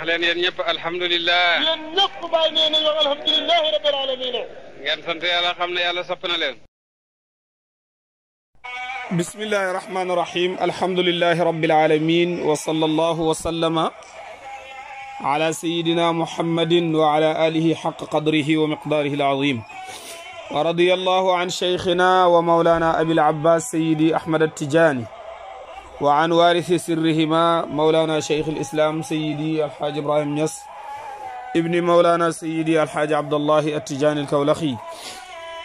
اهلا يا نيب الحمد لله يا نيب باينين يا لله رب العالمين بسم الله الرحمن الرحيم الحمد لله رب العالمين وصلى الله وسلم على سيدنا محمد وعلى اله حق قدره ومقداره العظيم ورضي الله عن شيخنا ومولانا ابي العباس سيدي احمد التجاني وعن وارث سرهما مولانا شيخ الإسلام سيدي الحاج إبراهيم يس ابن مولانا سيدي الحاج عبد الله التجاني الكولخي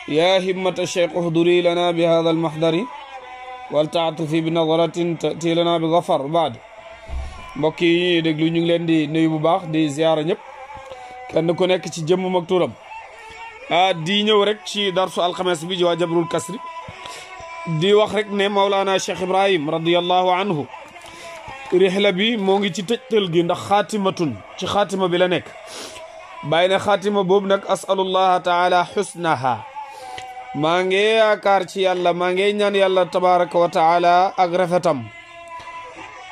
يا همة الشيخ احضري لنا بهذا المحضر ولتعطفي بنظرة تأتي لنا بظفر بعد مكي yi ñuy déglu ñu ngi leen di nuyu bu baax di ziara ñëpp kenn ku nekk ci jëmm ak turam ah di ñëw rek ci darsu alxames di wax rek ne Maulana Cheikh Ibrahim radiyallahu anhu rihla bi moo ngi ci tëjtal gi ndax xaatimatun ci xaatima bi la nekk bàyyi ne xaatima boobu nag asalullaha taala xusnaha maa ngi yaakaar ci yàlla maa ngi ñaan yàlla tabaraka wa taala ak rafetam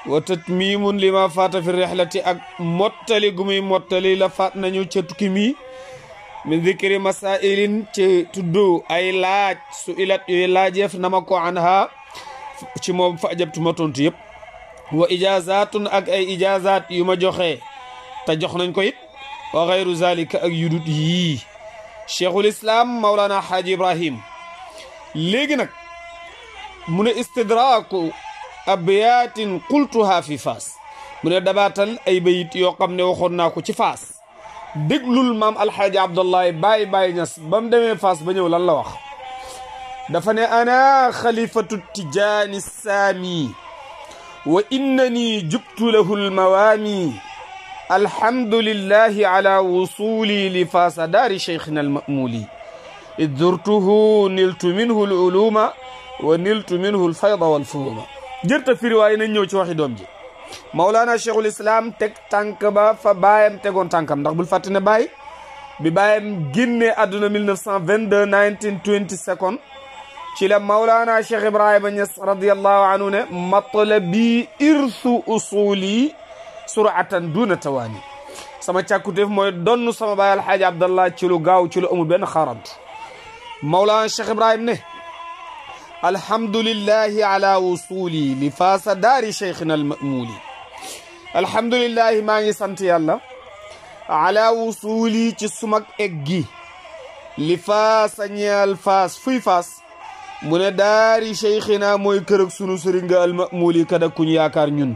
wa tatmimun li ma faata fi rihlati ak mottali gu muy mottali la faat nañu ca tukki mi min zikri masailin ci tuddu ay laaj su ilat yooyu laajeef na ma an ha ci moom fa ajabtu ma tontu yëpp wa ijazatun ak ay ijazat yu ma joxe te jox nañ ko it wa xayru zalika ak yudut yii cheikhul islam maulana haaji ibrahim léegi nag mu ne istidraku abiyatin qultuha fi faas mu ne dabaatal ay bayit yoo xam ne waxoon naa ko ci faas déglul maam alxaaji abdullahi baay baay ñas ba mu faas ba ñëw lan la wax dafa ne ana xalifatu tijaani saami wa innani jubtu lahu lmawaami alhamdulillahi ala wusuli li faasa daari cheikhina almamuli id zurtuhu niltu minhu luluma wa niltu minhu lfayda walfuhuma jërta firi nañ ñëw ci waxi doom ji مولانا شيخ الاسلام تك تانك با فبايم تيغون تانكام داخ بول فاتني باي بي بايم غيني ادنا 1922 1920 سكون تي لا مولانا شيخ ابراهيم نس رضي الله عنه مطلبي ارث اصولي سرعه دون تواني سما تياكوتيف موي دونو سما باي الحاج عبد الله تي غاو تي امو بن خارنت مولانا شيخ ابراهيم نه الحمد لله على وصولي لفاس دار شيخنا المأمولي الحمد لله maa ngi sant yàlla ala wusuli ci sumag egg gi li faas a ñeel faas fuy faas mu ne daari cheikhina mooy kërëg sunu sëriñ ga almamuli kada kuñ yaakaar ñun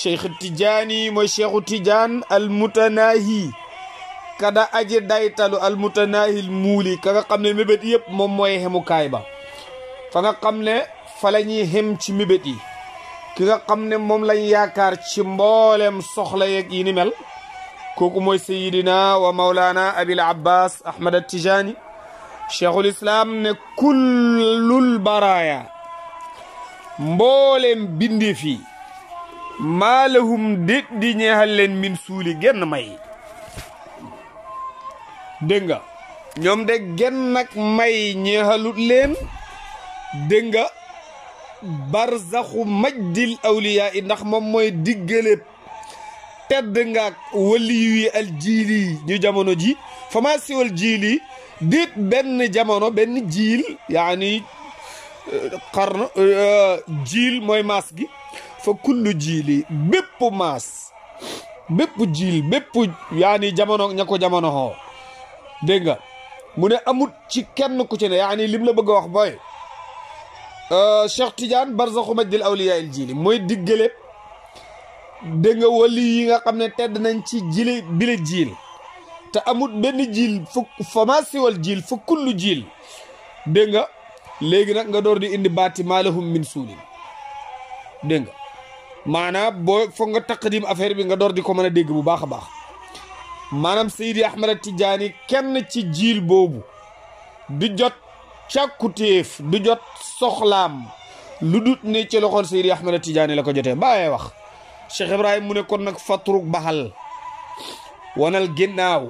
cheikh tijaani mooy cheikhu tijaan almutanaahi kada aji daytalu almutanaahi muuli ka nga xam ne mébét yëpp moom mooy xemukaay ba fa nga xam ne fa la ñuy xem ci mébét yi ki nga xam ne moom lañ yaakaar ci mbooleem soxla yeeg yi ni mel kooku mooy sayidina wa maulana abil abbas ahmad attijaani cheikhul islam ne kullul baraya mbooleem bindi fii maalahum déɗɗi ñeexal leen min suuli genn may dégg nga ñoom de genn nag may ñeexalut leen dégg nga barzaxu majdil awliyaa yi ndax moom mooy diggaléeb tedd ngaak waliyu yi al jiili ñu jamono ji fama siwal jiili déet benn jamono benn jiil yaani xarn jiil mooy maas gi fa kullu jiili bépp maas bépp jiil bépp yaani jamono ña ko jamono xoo dégg nga mu ne amut ci kenn ku ci ne yaani lim la bëgg wax booy Euh, Cheikh Tidiane barzaxu majdil awliyaa il jili mooy diggale nga wali nga xam ne tedd nañ ci jili bile jiil te amut benn jiil fu fama siwal jiil fu kullu jiil dégg nga léegi nag nga door di indi baati maalahum min suulin dégg nga maanaam boo foog nga taqdim affaire bi nga door di ko mën a dégg bu baax a baax maanaam Seydi Ahmada Tidiane kenn ci jiil boobu du jot càkkutéef du jot soxlaam lu dut ne ci loxol Seydi Ahmed Tidiane la ko jotee bàyyee wax Cheikh ibrahim mu ne kon nag fatruk baxal wanal ginnaaw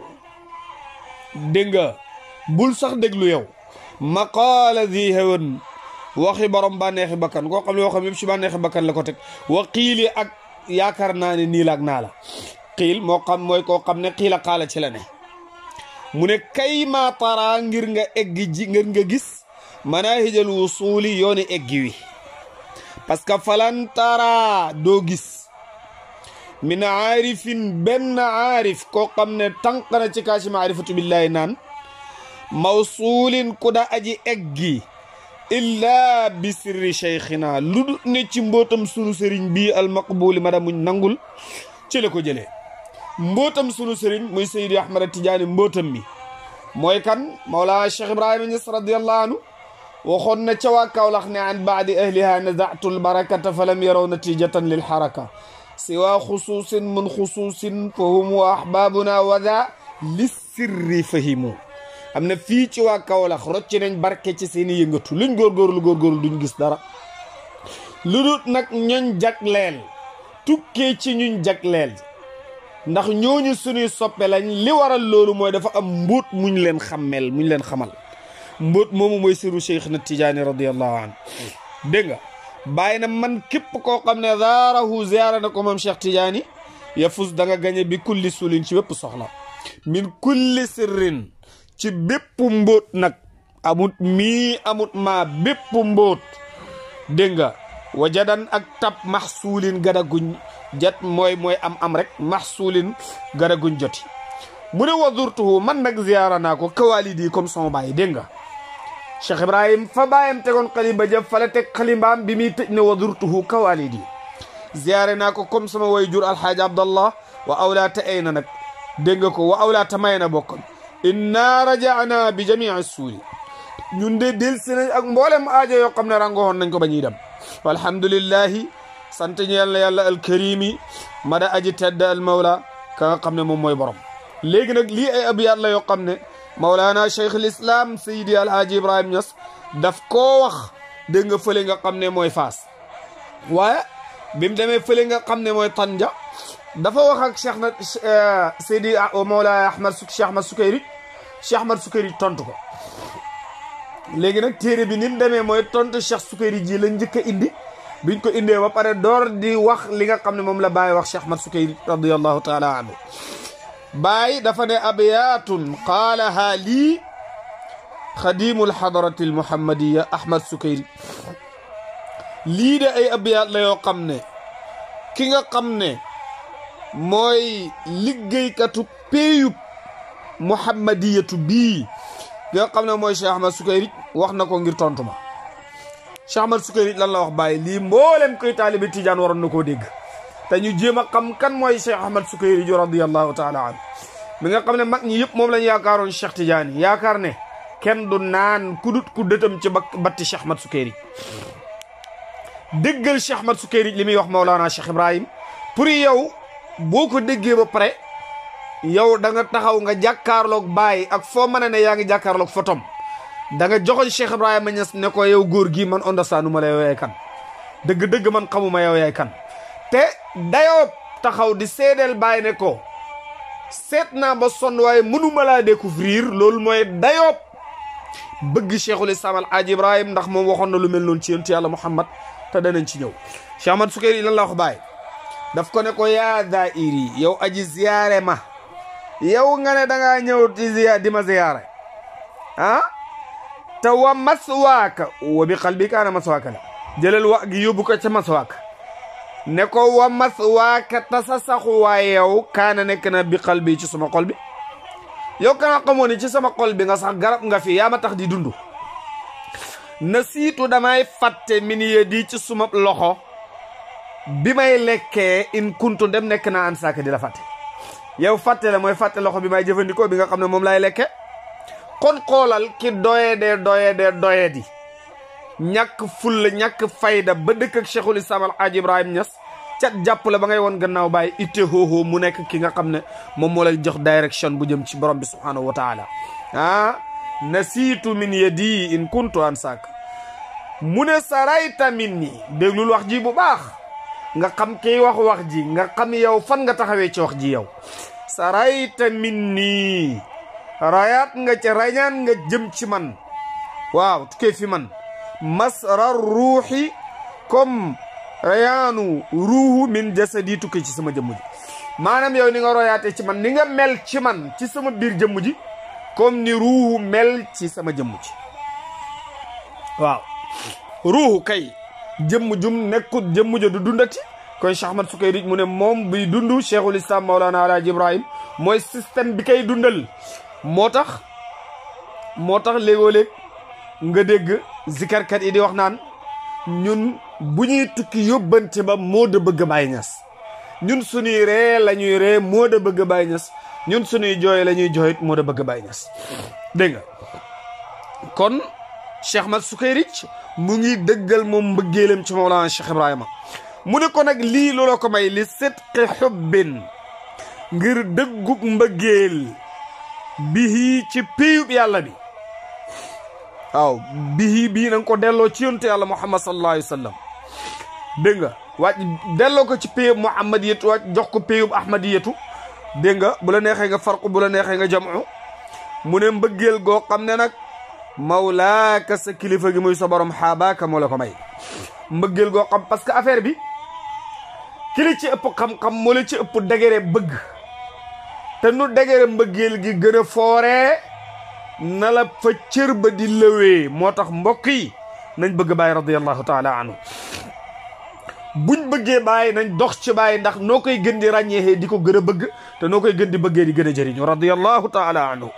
dégg nga bul sax déglu yow maqaala di hewan waxi borom bànneexi bakkan koo xam ne yoo xam yëpp si bànneexi bakkan la ko teg wa xiili ak yaakaar naa ne nii la naa la moo xam mooy koo xam ne xiila xaala ci la ne mu ne kay ma tara ngir nga eggi ji ngir nga gis manahijal wusuli yooni eggi wi parce que falan tara doo gis min aarifin benn aarif koo xam ne tànq na ci kaasi maarifatu billahi naan mawsuulin ku da aji eggi illaa bi sirri cheikhina lu ne mbootam sunu sëriñ bii almaqbuli madamuñ nangul ci la ko jëlee mbootam sunu sëriñ muy Seydi Ahmad Tijaani mbootam mi mooy kan Mawlana Cheikh Ibrahima Niass radiyallahu anhu waxoon na ca waa Kawlax ne an baadi ahliha nazatu lbarakata falam yaraw natijatan lilxaraka siwa xusuusin min xusuusin fahum wa ahbabuna wada lissirri fahimu am na fii ci waa Kawlax rocci nañ barke ci seeni yëngatu luñ góorgóorlu góorgóorlu duñ gis dara lu dut nag ñuñ jagleel tukkee ci ñuñ jagleel ndax ñooñu suñuy soppe lañ li waral loolu mooy dafa am mbóot muñ leen xammel muñ leen xamal mbóot moomu mooy siru cheikh na tijaani radiallahu an dégg nga bàyyi na man képp koo xam ne zaarahu ziara na ko moom cheikh tijaani yafus da nga gañe bi kulli sulin ci bépp soxla min kulli sirrin ci bépp mbóot nag amut mii amut maa bépp mbóot dégg nga wajadan ak tab maxsuulin gadaguñ jat moy moy am am rek mahsulin garagun joti mune wazurtuhu man nak ziyaara naa ko kawaalidi comme son baye denga Cheikh Ibrahim fa bayam tegon xalimba je fa la tek xalimbaam bi mi tëj ne wazurtuhu kawalidi ziyaare naa ko comme sama way jur alxaaji abdallah wa awlaata ay na nag dégg ko wa awlaata may na bokkam inna raja'na bi jami' jamii suuli ñun de delsi nañ ak mboolem aajo yo xamne ne rangoxoon nañ ko bañi dem walhamdulillahi sant ñeel na yàlla alkarim yi mada aji tedd al mawla ka nga xam ne moom mooy borom léegi nag lii ay ab yàlla yoo xam ne mawlaana cheikh al islam sayidi alhaaji ibrahim Niass daf koo wax dégg nga fële nga xam ne mooy faas waaye bi mu demee fële nga xam ne mooy tanja dafa wax ak cheikh na sayidi mawlaana ahmad su cheikh ahmad sukayri cheikh ahmad sukayri tontu ko léegi nag téere bi ni mu demee mooy tontu cheikh sukayri ji la njëkk a indi biñ ko indee ba pare door di wax li nga xam ne moom la Baay wax Cheikh Ahmad Sukayri radiyallahu taala anhu Baay dafa ne abiyaatun qaalaha lii xadimul xadarati muhammadiya Ahmad Sukayri lii de ay abiyaat la yoo xam ne ki nga xam ne mooy liggéeykatu péeyub muhammadiyatu bii nga xam ne mooy Cheikh Ahmad Sukayri wax na ko ngir tontu ma chamal sukeri lan la wax bay li mbollem koy talibi tidiane waron nako deg te ñu jema xam kan moy cheikh ahmad sukeri jorandi ta'ala an mi nga xamne mag ñi yep mom lañ Kem cheikh tidiane ne ken du kudut ku deutam ci batti cheikh ahmad sukari deggal cheikh ahmad limi wax maulana cheikh ibrahim pour yow boko degge ba pare yow da nga taxaw nga jakarlok bay ak fo mané ne yaangi jakarlok fotom da nga joxoon Cheikh Ibrahima Niass ne ko yow góor gii man understandu ma la yow yaay kan dëgg-dëgg man xamuma yow yaay kan te dayoo taxaw di seedeel bàyyi ne ko seet naa ba sonn waaye mënuma laa découvrir loolu mooy dayoo bëgg Cheikhul Islam al Aji Ibrahim ndax moom waxoon na lu mel noonu ci yonent yàlla Muhammad te danañ ci ñëw Cheikh man Sukayri lan la wax daf ko ne ko yaa daa'iri yow aji ziyaare ma yow nga ne da ngaa ñëw di ma ziyaare ah te wa maswaaka wa bi qalbika ana maswaaka la jëlal wa gi yóbbu ko ca maswaaka ne ko wa maswaaka ta sa saxuwaa yow kaana nekk na bi qalbi ci suma xol bi yow kana xamoo ci sama xol bi nga sax garab nga fi yaa ma tax di dund na siitu damay fatte min di ci suma loxo bi may lekkee in kuntu dem nekk naa an saaka di la fàtte yow fàtte la mooy fàtte loxo bi may jëfandikoo bi nga xam ne moom laay lekke kon xoolal ki doyedee doyedee doyedi ñàkk fulla ñàkk fayda ba dëkk ak cheikhul islam al aaj ibrahim ñas cat jàpp la ba ngay won gannaaw bàyyi itte hoohoo mu nekk ki nga xam ne moom moo lay jox direction bu jëm ci borom bi subhaanahu wa taala ah nasiitu min yadi in kuntu an sàkk mu ne sarayta min ni déglul wax ji bu baax nga xam kiy wax wax ji nga xam yow fan nga taxawee ci wax ji yow sarayta min nii rayat nga ca rañaan nga jëm ci man waaw tukkee fi man masrar ruuxi min jasadi tukkee ya, ci sama jëmm Mana maanaam yow ni nga royaatee ci man ni nga mel ci man ci sama biir jëmm ji ni ruhu mel ci sama jëmm ji waaw kay jëmm jum nekut jëmm ja du dundati kon cheikh ahmad sukayrij ne mom bi cheikhul islam maulana ala ibrahim moy système bi kay dundal moo tax moo tax léegoo-léeg nga dégg zikarkat yi di wax naan ñun bu ñuy tukki yóbbante ba moo da bëgg Baay Ñas ñun suñuy ree la ñuy ree moo bëgg Baay Ñas ñun suñuy jooy la ñuy jooyit moo da bëgg Baay Ñas dégg nga kon Cheikh Mat Sukayric mu ngi dëggal moom mbëggeelam ci Mawlana Cheikh Ibrahima mu ne ko nag lii looloo ko may li sidqi xubbin ngir dëggug mbëggeel bihi ci péyub yàlla bi waaw bihi bii na nga ko delloo ci yonte yàlla muhammad sallallahu alayhi wa sallam dégg nga wàcc ko ci péyub muhammad yetu wàcc jox ko péyub ahmad yetu dégg nga bu la neexee nga farqu bu neexee nga jamu mu ne mbëggeel goo xam ne nag mawlaaka sa kilifa gi muy sa borom xaabaaka moo la ko may mbëggeel goo xam parce que affaire bi ki ci ëpp xam-xam moo la ci ëpp degere bëgg te nu degere mbëggeel gi geuna foré nala na fa cër ba di lewé motax tax mbokk yi nañ bëgg bàyyi radiyallahu taala anhu buñ bëggé bàyyi nañ dox ci bàyyi ndax noo koy gën di ràññeexee di ko bëgg te noo koy gën di bëggee di gën a jëriñu radiallahu taala anhu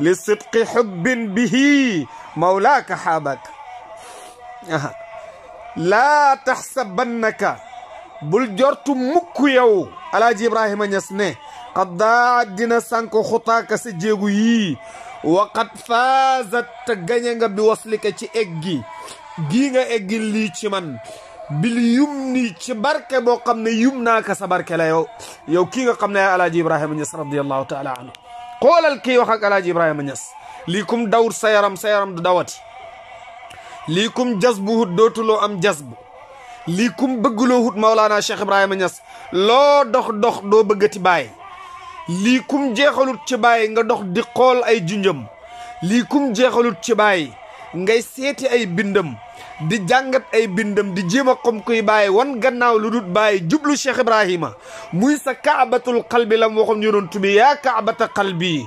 li sidqi xubbin bihi mawlaka habak لا تحسبنك بل جرت مكو يو على ibrahima ñas ne qad daat dina sànk xutaaka sa jéegu yii wa qad faazat te gañe nga bi waslika ci eggi gii nga eggi lii ci man bil yum ci barke boo xam ne yum naaka sa barke la yow yow kii nga xam ne ay alaaji ibrahima ñes radiallahu taala anhu xoolal kii wax ak alaaji ibrahima ñes lii kum dawut sa yaram sa yaram du dawati lii kum jasbuhut dootuloo am jasbu lii kum bëgguloo hut maolaana cheikh ibrahima ñes loo dox dox doo bëggati baay lii kum jeexalut ci baay nga dox di xool ay junjam lii kum jeexalut ci baay ngay seeti ay bindam di jàngat ay bindam di jéem a xam kuy wan gannaaw lu dut bàyyi jublu Cheikh Ibrahima muy sa kaabatul qalbi la mu waxoon yonent bi yaa kaabata qalbi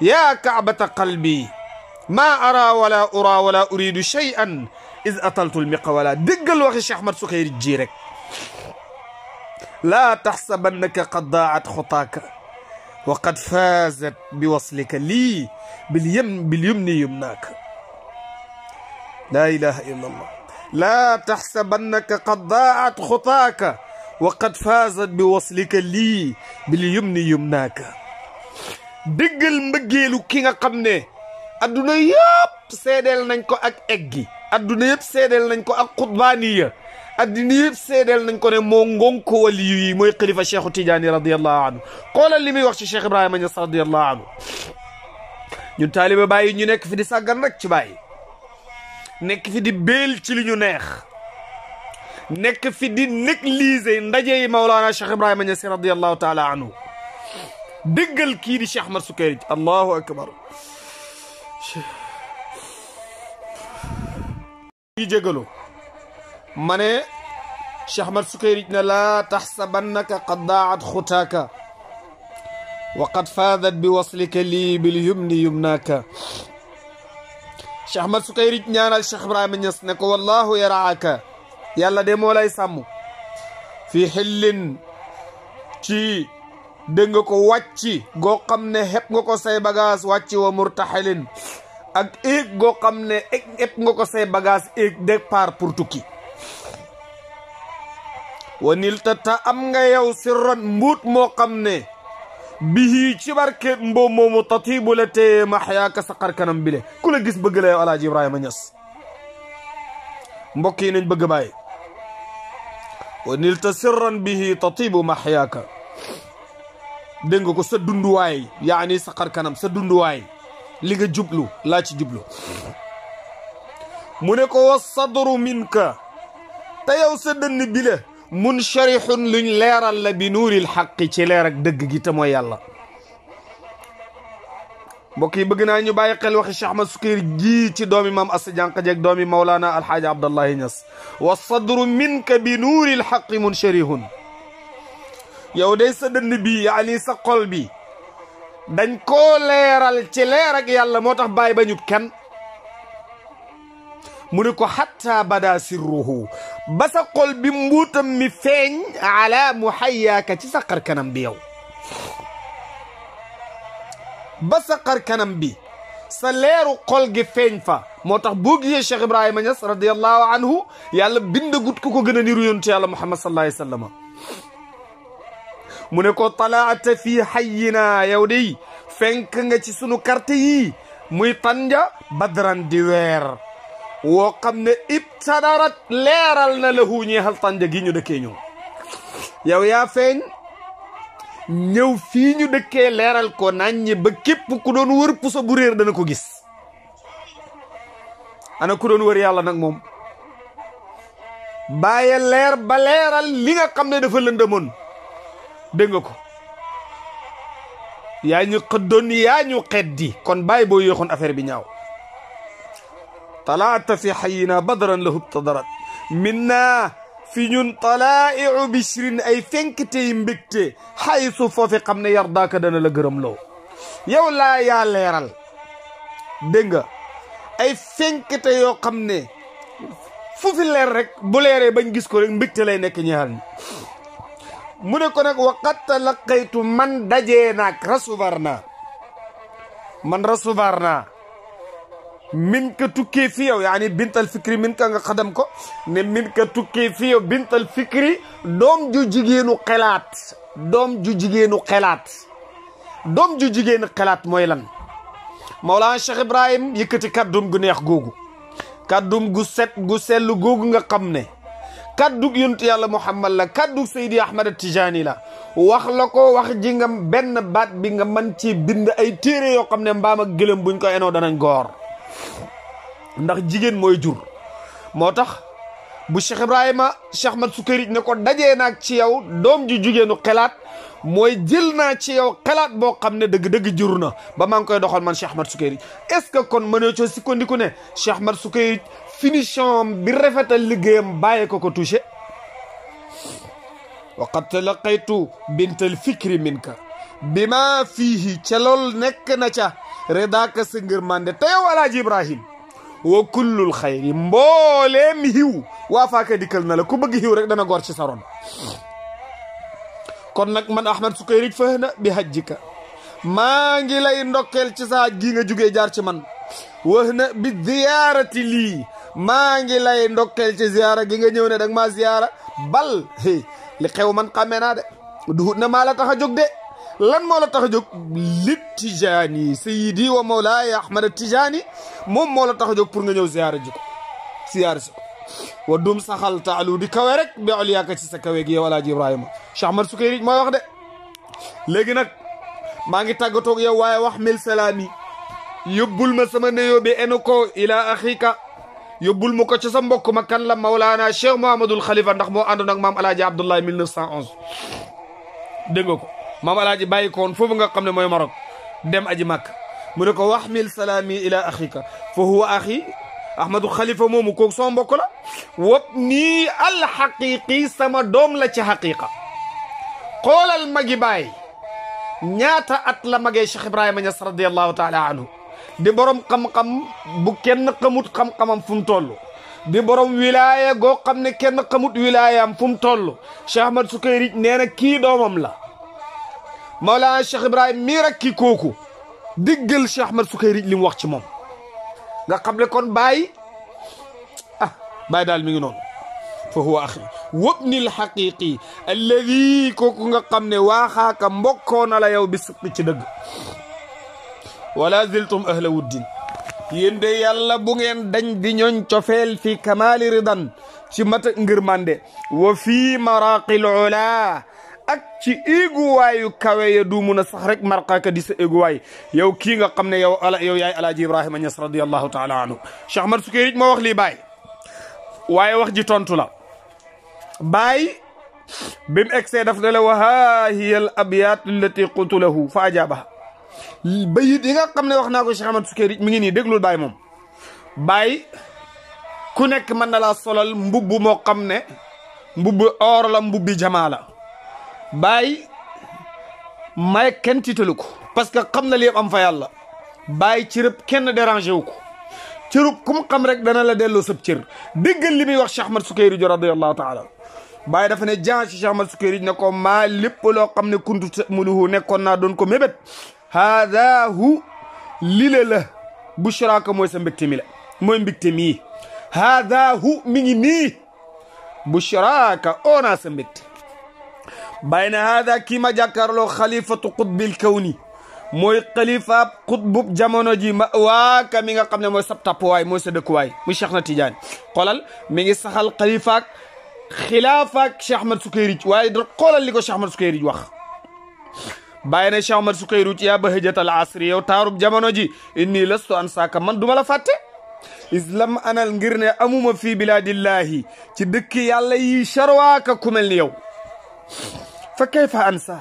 yaa kaabata qalbi maa ara wala ura wala uridu shay'an is ataltul miqawala déggal waxi Cheikh Ahmad Sukayrij ji rek laa taxsabannaka qad daa'at xutaaka وقد فازت بوصلك لي باليمن باليمن يمناك لا اله الا الله لا تحسبنك قد ضاعت خطاك وقد فازت بوصلك لي باليمن يمناك دجل مجيلو كينا قمني الدنيا يب سيدل نانكو اك اجي الدنيا يب سيدل نانكو اك قطبانيه addina yëpp seedeel nañ ko ne moo ngonko waliyu yi mooy xalifa cheikhu tidiane radiallahu anhu xoolal li muy wax ci cheikh ibrahima ñas radiallahu anhu ñun taaliba bàyyi ñu nekk fi di sàggan rek ci bàyyi nekk fi di béel ci li ñu neex nekk fi di négliger ndaje yi maulana cheikh ibrahima ñas radiallahu taala anhu déggal kii di cheikh Ahmad Sukayrij allahu akbar yi jégalu مني شحمر سكيري لا تحسبنك قد ضاعت خطاك وقد فاضت بوصلك لي باليمن يمناك شحمر سكيري نانا الشحمر من يسنك والله يرعاك يلا دي مولاي سامو في حل تي دنگوكو واتي غو قمنا هب غوكو سي بغاس واتي ومرتحلين اك ايك غو قمنا اك اب غوكو سي بغاس اك ديك پار پورتوكي wanil ta ta am nga yow sirran mbuut moo xam ne bihi ci barkeet mboo moomu tatiibu la téye maxyaaka sa xar bile ku la gis bëgg la yow alaaji ibrahima ñas mbokk yi nañ bëgg bàyyi wanil ta sirran bihi tatiibu maxyaaka dégg nga ko sa dunduwaay yaani sa xar sa dunduwaay li nga jublu laa ci jublu mu ne ko wa sadru minka te yow sa dënn bile منشرح لن لير الله بنور الحق تي لير اك دغ غي تمو يالا بوكي بغنا ني باي خيل وخي شيخ احمد سكير جي تي دومي مام اس جانق جيك دومي مولانا الحاج عبد الله نس والصدر منك بنور الحق منشرح يو دي سدن بي يعني سا قلبي دنجكو ليرال تي لير اك يالا موتاخ باي بانيوت كين muniko hatta bada sirruhu basa sa xol bi mbuutam mi feñ ala muhayyaka ci sa kanam bi yow basa qar kanam bi sa leru qol gi feñ fa motax bo gi Cheikh ibrahim Niass radiyallahu anhu yàlla bindagut gut ko gën a niru yonte yàlla Muhammad sallallahu alayhi wasallam muniko tala'at fi hayyina yawdi de fenk nga ci sunu quartier yi muy tanja badran di weer woo xam ne ibtadarat leeral na la huu ñeexal tànja gi ñu dëkkee ñun yow yaa feeñ ñëw fii ñu dëkkee leeral ko naññi ba képp ku doon wër puso dana ko gis ana ku doon wër yàlla nag moom bàyyi leer ba leeral li nga xam ne dafa lëndëmoon dégg nga ko yaa ñu xëddoon yaa ñu xeddi kon bàyyi boo yéexoon affaire bi ñaaw talaata fi xayina badran lahu btadarat minna fi ñun talaa'iu bishrin ay fenkitey mbégte xaysu foofi xam ne yardaaka dana la gërëm loo yow laa yaa leeral dégg nga ay fenkite yoo xam ne fu fi leer rek bu bañ gis ko rek mbégte lay nekk ñaar ñi ko nag waqat talaqaytu man dajee naag recevoir naa man recevoir naa min ka tukkee fi yow yaani bintal fikri min ka nga xadam ko ne min ka tukkee fi yow bintal fikri doom ju jigéenu xelaat doom ju jigéenu xelaat doom ju jigéenu xelaat mooy lan Mawlana Cheikh Ibrahim yëkkati kàddum gu neex googu kàddum gu set gu sell googu nga xam ne kàddug yontu yàlla Muhammad la kàddug Seydi Ahmad Tijaani la wax la ko wax ji nga benn baat bi nga mën ci bind ay téere yoo xam ne mbaam ak gëlëm buñ ko enoo danañ goor ndax jigéen mooy jur moo tax bu Cheikh Ibrahima Cheikh Mat Sukari ne ko dajee naag ci yow doom ju jigéenu xelaat mooy jël naa ci yow xelaat boo xam ne dëgg-dëgg jur na ba maa ngi koy doxal man Cheikh Mat Sukari est-ce que kon mënee coo sikkandiku ne Cheikh Mat Sukari finition bi rafetal liggéeyam bàyyee ko ko touché waqad talaqaytu bintal fikri minka bima fihi ca lool nekk na ca redaka sa ngërmande te yow alaaji ibrahim wa kullul xayri mbooleem hiw waa faaka dikkal na ku bëgg hiw rek dana gor ci sa kon nag man ahmad su koy rij fa bi hajjika maa ngi lay ci sa haj gi nga jugee jaar ci man wax na bi ziyaarati lii maa ngi lay ci ziyaara gi nga ñëw ne dag maa ziyaara bal li xew man xamee naa de duhut na maa la tax a de lan moo la tax a jóg li tijani sayidi wa mawlaaya ahmad tijaani moom moo la tax a jóg pour nga ñëw ziyaara ji ko ziyaara si ko wa dum saxal taalu di kawe rek bi oliyaaka ci sa kawe gi yow alaaji ibrahima cheikh ahmad sukayri mooy wax de léegi nag maa ngi tàggatoog yow waaye wax mil salaami yóbbul ma sama nuyoo bi enu ila akhika yóbbul ma ko ci sa mbokk ma kan la mawlaana cheikh mouhamadul xalifa ndax moo àndoon ak maam alaaji abdoulaye 1911 dégg maam alaaji bàyyi koon nga xam ne mooy Maroc dem aji màkk mu ne ko wax salaami ila axika fa huwa axi ahmadu xalifa moomu kooku sama mbokk la wopp nii alxaqiqi sama doom la ci xaqiqa xoolal magi baay ñaata at la magee Cheikh Ibrahima Niass radiallahu taala anhu di borom xam-xam bu kenn xamut xam-xamam fu mu toll di borom wilaaya goo xam ne kenn xamut wilaayaam fu mu toll Cheikh Ahmad Sukayri nee na kii doomam la مولانا الشيخ ابراهيم ميركي كوكو ديغل الشيخ احمد سكيري لي موخ سي موم غا خبل كون باي اه باي دال ميغي نون فهو اخي وابني الحقيقي الذي كوكو غا خمنه واخاك مبوكون لا يو بس بي دغ ولا زلتم اهل ود يين دي يالا بو نين دنج دي نون تشوفيل في كمال رضان سي مات ngir mande وفي مراقل العلا ak ci éeguwaayu kawe ya du duumuna sax rek marqaaka di sa éeguwaay yow ki nga xam ne yow ala yow yaay alaaji ibrahim ñas radiyallahu taala anhu cheikh ahmad sukayrij mo wax li bay waaye wax ji tontu la bay bim mu daf ne la wa haa hiya al abyaat allati qultu lahu fa ajaabaha bayit yi nga xam ne wax naa ko cheikh ahmad sukayrij mi ngi nii déglul baay moom baay ku nekk mën na solal mbubu mo xam mbubu mbubb or la mbubu jamaa bàyyi may kenn tiitalu ko parce que xam na li am fa yàlla bàyyi cërëb kenn dérangé wu ko cërëb ku mu xam rek dana la delloo sab cër déggal li muy wax Cheikh Ahmad Sukayri jo radiyallahu taala bàyyi dafa ne jan ci Cheikh Ahmad Sukayri ne ko maa lépp loo xam ne kuntu tamuluhu nekkoon naa doon ko mébét haadahu li la bu bushraaka mooy sa mbégte mi la mooy mbégte mii haadahu mi ngi nii bushraaka oonaa sa mbégte بين هذا كما جاكارلو خليفة قطب الكوني mooy xalifaab xutbub jamono ji ma waa ka mi nga xam ne mooy sab tappuwaay mooy sa dëkkuwaay muy Cheikh na Tidiane xoolal mi ngi saxal xalifaak xilaafaak Cheikh Ahmad Sukayrij waaye do xoolal li ko Cheikh Ahmad Sukayrij wax bàyyi na Cheikh Ahmad Sukayrij yaa bahjatal asri yow taarub jamono ji inni lastu an saaka man duma la fàtte islam anal ngir ne amuma fii bilaadillahi ci dëkk yàlla yi charwaaka ku mel ni yow فكيف أنسى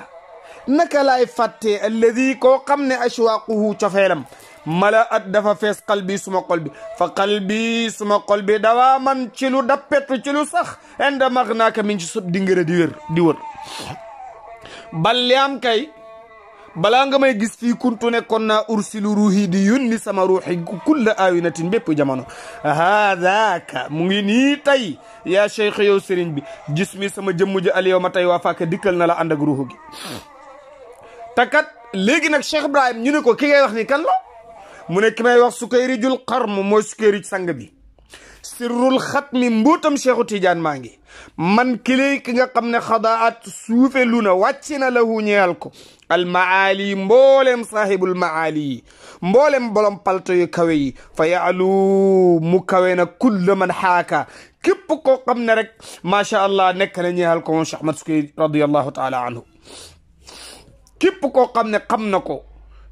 نكلاي فاتي الذي كو قمن أشواقه تفعلم ملأت دفا فيس قلبي سما قلبي فقلبي سما قلبي دواما تشلو دبت تشلو صخ عند مغناك من جسد دينجر ديور ديور بل يام كي balaa nga may gis fii kuntu nekkoon naa ursilu ruuhi di yónni sama ruuxi kulla aawinatin bépp jamono haadaaka mu ngi nii tey yaa cheikh yow sëriñ bi jismi sama jëmm ji al yow ma tey waa faaka dikkal na la ànd ak ruuxu gi takat léegi nag Cheikh Ibrahim ñu ne ko ki ngay wax ni kan mu ne ki may wax sukayrijul xarm mooy sukayri sang bi sirrul xatmi mbuutam cheikhu tidiane maa ngi man kilay ki nga xam ne xadaat suufe lu na wàcc na lahu ñeel ko al maali mboolem sahibul maali yi mboolem bolom palto yu kawe yi fa yaalu mu kawe na kulla man xaaka képp koo xam ne rek macha allah nekk na ñeexal ko moom Cheikh Ahmad Sukayrij radiallahu taala anhu képp koo xam ne xam na ko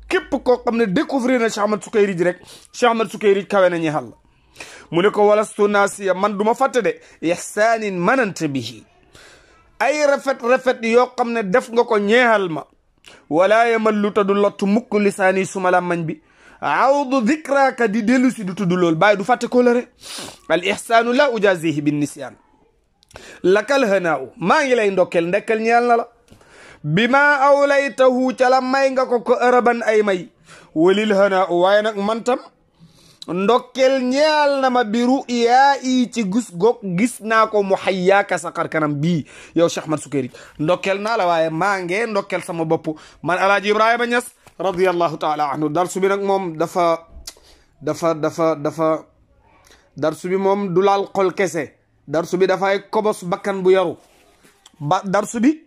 képp koo xam ne découvrir na Cheikh Ahmad Sukayrij rek Cheikh Ahmad Sukayrij kawe na ñeexal la mu ne ko walastu naasiya man du ma fàtte de ihsaanin manante bihi ay rafet-rafet yoo xam ne def nga ko ñeexal ma walaa yamallu ta du lottu mukk lisaani suma làmmañ bi awdu dikraaka di dellu du tudd lool du fàtte ko la al ihsaanu la ujazihi bin nisyaan lakal hanaaw maa ngi lay ndokkel ndekkal ñeel na la bi ma awlaytahu ca la may nga ko ko araban ay may walil hanaaw waaye nag man tam ndokkel ñeel na ma biru yaa yi ci gis goog gis naa ko mu xayyaaka sa xar kanam bii yow Cheikh Ahmad Sukayri ndokkel naa la waaye maa nge ndokkel sama bopp man alaaji Ibrahima Ñas radiyallahu bi nag moom dafa dafa dafa dafa darsu bi moom du laal xol kese darsu bi dafay kobos bakkan bu yaru ba darsu bi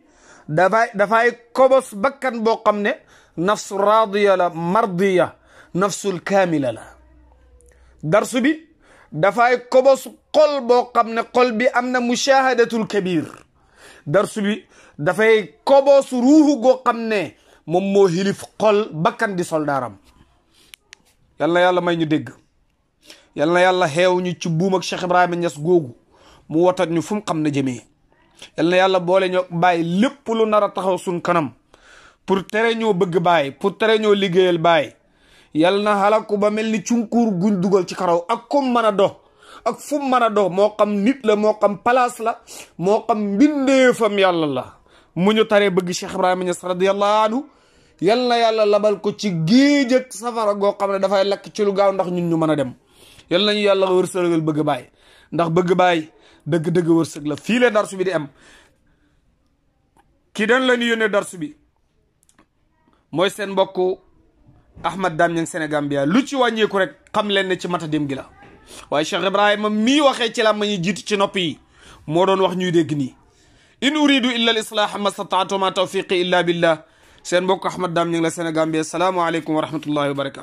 dafay dafay kobos bakkan boo xam ne nafsu raadiya la mardiya nafsul kaamila la darsu bi dafay kobos xol boo xam ne xol bi am na mushahadatul kabir darsu bi dafay kobos ruuhu goo xam ne moom moo xilif xol bakkan di soldaaram yal na yàlla may ñu dégg yal na yàlla xeew ñu ci buum ak Cheikh Ibrahima Niass googu mu wotat ñu fu xam ne jëmee yal na yàlla boole ñoo bàyyi lépp lu nar a taxaw suñ kanam pour tere ñoo bëgg bàyyi pour tere ñoo liggéeyal bàyyi yal na xalaku ba mel ni cunkuur guñ dugal ci karaw ak kum mën a dox ak fu mën a dox moo xam nit la moo xam palaas la moo xam mbindeefam yàlla la mu ñu taree bëgg Cheikh Ibrahima Niass radiyallahu anhu yal na yàlla labal ko ci géej ak safara goo xam ne dafay lakk ci lu gaaw ndax ñun ñu mën a dem yal nañu yàlla wërsëgal bëgg baay ndax bëgg baay dëgg-dëgg wërsëg la fii la darsu bi di am ki dan la ñu yónnee darsu bi mooy seen mbokk Ahmad dam ñing Sénégambia lu ci wañé ko rek xam leen ne ci mata dem gi la waaye Cheikh ibrahim mi waxé ci la ma ñu jiitu ci nopi mo doon wax ñuy dégg ni in uridu illa al islah ma sata'tu ma tawfiqi illa billah sen mbokk Ahmad dam ñing la Sénégambia assalamu alaykum wa rahmatullahi wa barakatuh